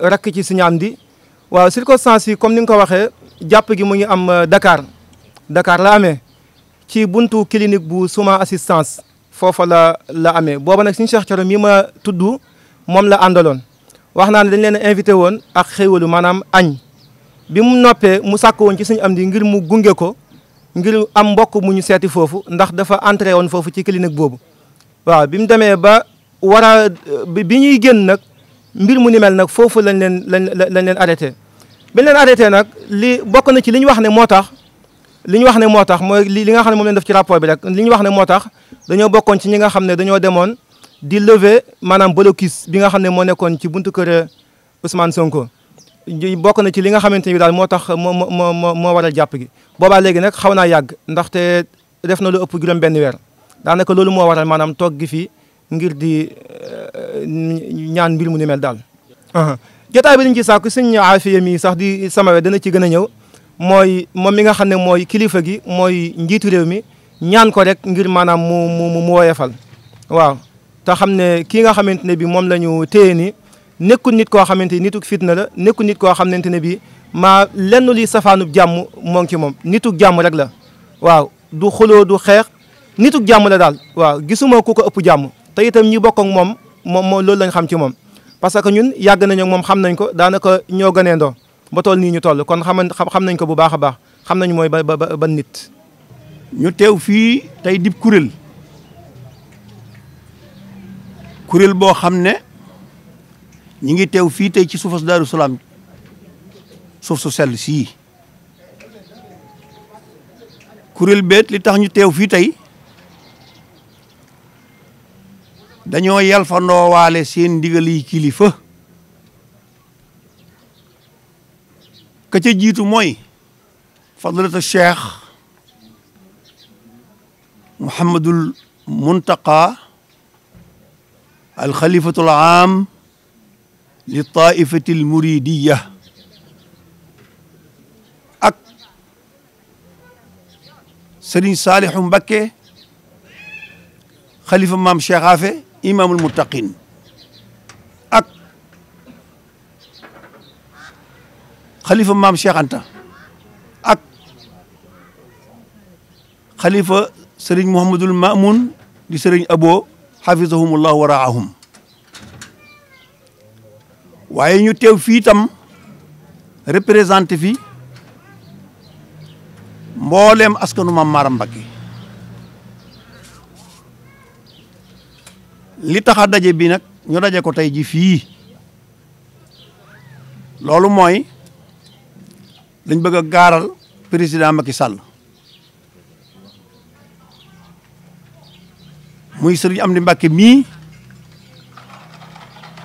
rakk ci Serigne Amdi waaw circonstance yi ni nga ko waxee jàpp gi mu ngi am euh, dakaar dakaar la amee ci buntu clinique bu suma assistance foofa la la amee booba nag Serigne Cheikh Thioro mi ma tuddu moom la àndaloon wax naa ne dañ leen invité woon a xéwalu maanaam añ bi mu noppee mu sàkk woon ci Serigne di ngir mu gunge ko ngir am mbokk mu ñu seeti foofu ndax dafa entré woon foofu ci clinique boobu waaw bi mu demee ba war euh, bi ñuy génn nag mbir mu ni mel nag foofu lañ leen lañ lañ leen arrêté bañ arrêté nag li bokk na ci li ñu wax ne moo tax li ñu wax ne moo tax mooy li nga xam ne moom def ci rapport bi rek li ñu wax ne moo tax dañoo bokkoon ci ñi nga xam ne dañoo demoon di lever maanaam blocus bi nga xam ne moo nekkoon ci buntu kër eh, Ousmane Sonko. bokk na ci li nga xamante ni daal moo tax moo moo moo moo waral jàpp gi boobaa léegi nag xaw naa yàgg ndaxte def na lu ëpp juróom benn weer daanaka loolu moo waral maanaam toog gi fii. ngir di eh, ñaan mbir mu ni mel daal. jotaay bi dañ ci sàkku sëñ Aafiya mi sax di samawe dana ci gën a ñëw mooy moom mi nga xam ne mooy kilifa gi mooy njiitu réew mi ñaan ko rek ngir maanaam mu mu mu woyefal waaw te xam ne ki nga xamante ne bi moom lañu ñu téye ni nekkul nit koo xamante ni nituk fitna la nekku nit koo xamante ne bi maa lenn liy safaanub jàmm moo ci moom nituk jàmm rek la waaw du xuloo du xeex nituk jàmm la daal waaw gisuma ku ko ëpp jàmm tey itam ñi bokk moom moom moo loolu lañ xam ci moom parce que ñun yàgg nañu moom xam nañ ko daanaka ñoo gëneendoo ba toll nii ñu toll kon xam xam nañ ko bu baax a baax xam nañ mooy ba ba ba nit. ñu teew fii tey dib kuréel kuréel boo xam ne ñu ngi teew fii tey ci suufas Daaru Salaam suuf su sell sii kuréel beet li tax ñu teew fii tey. dañoo yalfandoo waale seen ndigal yi kilifa ka ca jiitu mooy fadlata cheikh Mouhamadul Muntaqa alxalifatul aam li taifatil muridiya ak Serigne Salihu Mbakke xalifa maam Cheikh Afe imaamul muttaqin ak xalifa maam Cheikh ak xalifa sëriñ Mouhamadul Mamoun di sëriñ Abo xafisahumullahu wa raahum waaye ñu teew fii tam représenté fi mboolem askanu maam Maaram Mbakke li tax daje bi nag ñu daje ko tey ji fii loolu mooy dañ bëgg a gaaral président Macky Sall muy am Amdi mbake mii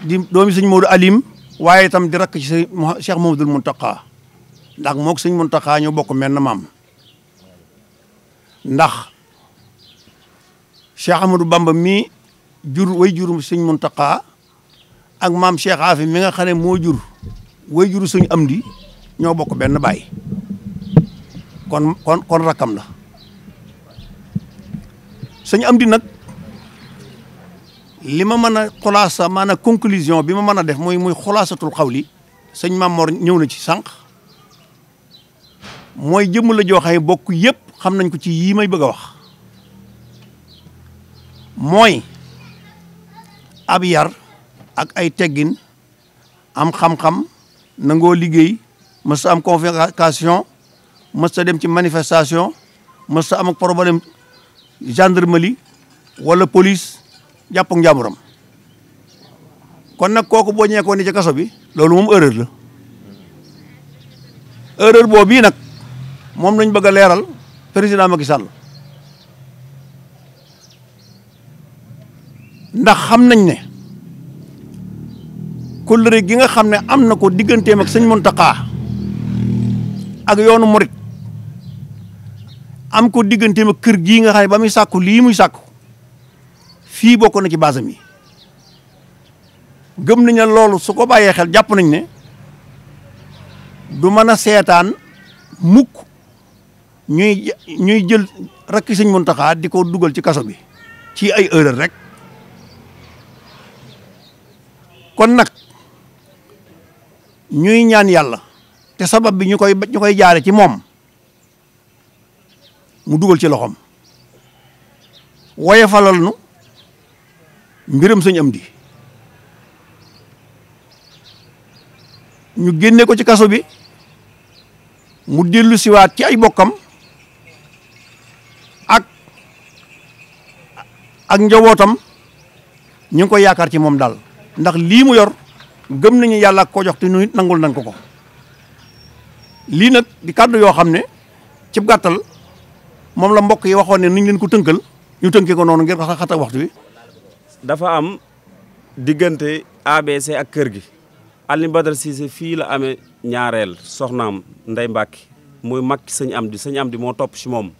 di doomi sëñ Modou Alim waaye itam di rakk ci sëñ Cheikh Mouhamadoul ndax mook sëñ Mountakha ñoo bokk menn maam ndax Cheikh Amadou Bamba mii jur woy jur sëñ Muntaqa ak maam Cheikh Afi mi nga xam moo jur woy jur sëñ am Amdi ñoo bokk benn baay kon kon kon rakkam la sëñ Amdi nag li ma mën a xulaasa maanaam conclusion bi ma mën a def mooy mooy muy xulaasatul li sëñ Maam Mor ñëw na ci sànq mooy jëmm la jooxee bokk yëpp xam nañ ko ci yii may bëgg a wax mooy ab yar ak ay teggin am xam-xam nangoo liggéey mësa am convocation mës dem ci manifestation mës am ak problème gendarmerie wala police jàpp ak kon nag kooku boo ñeekoo ni ci kaso bi loolu moom erreur la erreur boobu bii nag moom lañ bëgg a leeral président Macky Sall ndax xam nañ ne kóllëre gi nga xam ne am na ko digganteem ak sëñ Muntaxaa ak yoonu murit am ko digganteem ak kër gii nga xam ne ba muy sàkku lii muy sàkku fii bokk na ci basam yi gëm nañ ne loolu su ko bàyyee xel jàpp nañ ne du mën a seetaan mukk ñuy ñuy jël rakki sëñ Muntaxaa di ko dugal ci kaso bi ci ay erreur rek kon nag ñuy ñaan yàlla te sabab bi ñu koy ñu jaare ci moom mu dugal ci loxoom woye falal nu mbiram sëñ am di ñu génne ko ci kaso bi mu dellu siwaat ci ay bokkam ak ak njabootam ñu ngi koy yaakaar ci moom daal ndax lii mu yor gëm nañu yàlla ak koo jox te ñun nangul nañ ko ko lii nag di kàddu yoo xam ne ci gàttal moom la mbokk yi waxoon ne ni ñu leen ko tënkal ñu tënkee ko noonu ngir xata waxtu wi. dafa am diggante ABC ak kër gi Alioune Badara Cissé fii la amee ñaareel soxnaam ndey mbàkki mooy mag sëñ am di sëñ am di moo topp ci moom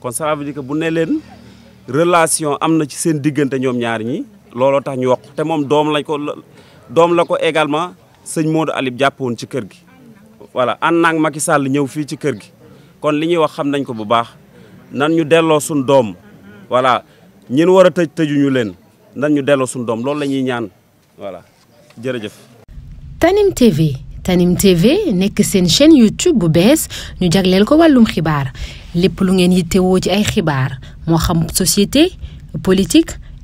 kon ça veut dire bu ne leen relation am na ci seen diggante ñoom ñaar ñi. looloo tax ñu wokk te moom doom lañ ko doom la ko également sëñ Modou Alib jàpp woon ci kër gi. voilà ànd naag Macky Sall ñëw fii ci kër gi kon li ñuy wax xam nañ ko bu baax nan ñu delloo suñ doom voilà ñin war a tëj tëjuñu leen nan ñu delloo suñ doom loolu la ñaan voilà jërëjëf. Tanim TV Tanim TV nekk seen chaîne YouTube bu bees ñu jagleel ko wàllum xibaar lépp lu ngeen yittewoo ci ay xibaar moo xam société politique.